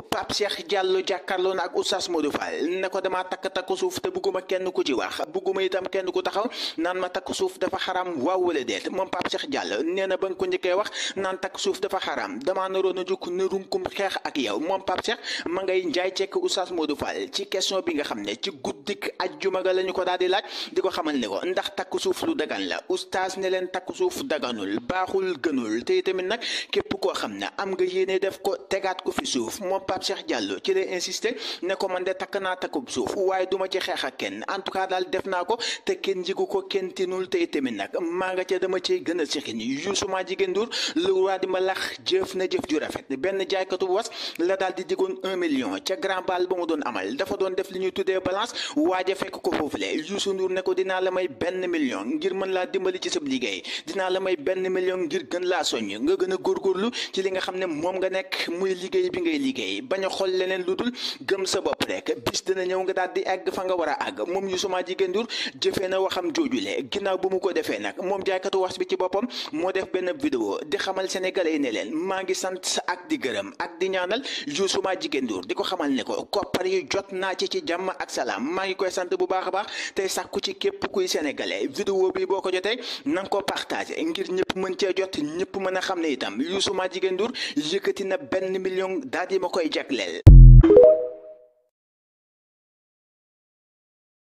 Pape Cheikh Diallo jàkkaarloo na ak Oustaz Modou Fall ne ko damaa takk takk suuf te bugguma kenn ku ci wax bugguma itam kenn ku taxaw naan ma takk suuf dafa xaram waaw wala déet moom Pape Cheikh Diallo nee na ba nga ko njëkkee wax naan takk suuf dafa xaram damaa naroon a jukk ne runkum xeex ak yaw moom Pape Cheikh ma ngay njaay cekk Oustaz Modou Fall ci question bi nga xam ne ci guddik ajjuma ga la ko daal di laaj di ko xamal ni ko ndax takk suuf lu dagan la Oustaz ne leen takk suuf daganul baaxul gënul te itamit nag képp koo xam ne am nga yéene def ko tegaat ko fi suuf Pape Cheikh Diallo ci lay insisté ne ko man de takk naa takkub suuf waaye duma ci xeex ak kenn en tout cas daal def naa ko te kenn jigu ko kenn tinul tey tamit nag maa nga ca dama ciy gën a sixin Youssou Madjiguène Ndour le roi di ma lax jëf na jëf ju rafet benn jaaykatu was la daal di digoon un million ca grand bal ba mu doon amal dafa doon def li ñuy tuddee balance waaja fekk ko foofule Youssou Ndour ne ko dina la may benn million ngir mën laa dimbali ci sab liggéey dinaa la may benn million ngir gën laa soññ nga gën a góorgóorlu ci li nga xam ne moom nga nekk muy liggéey bi ngay liggéey yi bañ a xool leneen lu dul gëm sa bopp rek bis dina ñëw nga daal di àgg fa nga war a àgg moom Youssouma Jigéen Ndour jëfee na waxam joojule ginnaaw bu mu ko defee nag moom jaaykatu wax bi di xamal sénégalais yi ne leen maa ngi sant sa ak di gërëm ak di ñaanal Youssouma Jigéen Ndour di ko xamal ne ko koppar yi jot naa ci ci jàmm ak salaam maa ngi koy sant bu baax a baax tey sàkku ci képp kuy sénégalais vidéo bi boo ko jotee na nga ko partagé ngir ñëpp mën cee jot ñëpp mën a xam ne itam Youssouma Jigéen Ndour Jack Lel.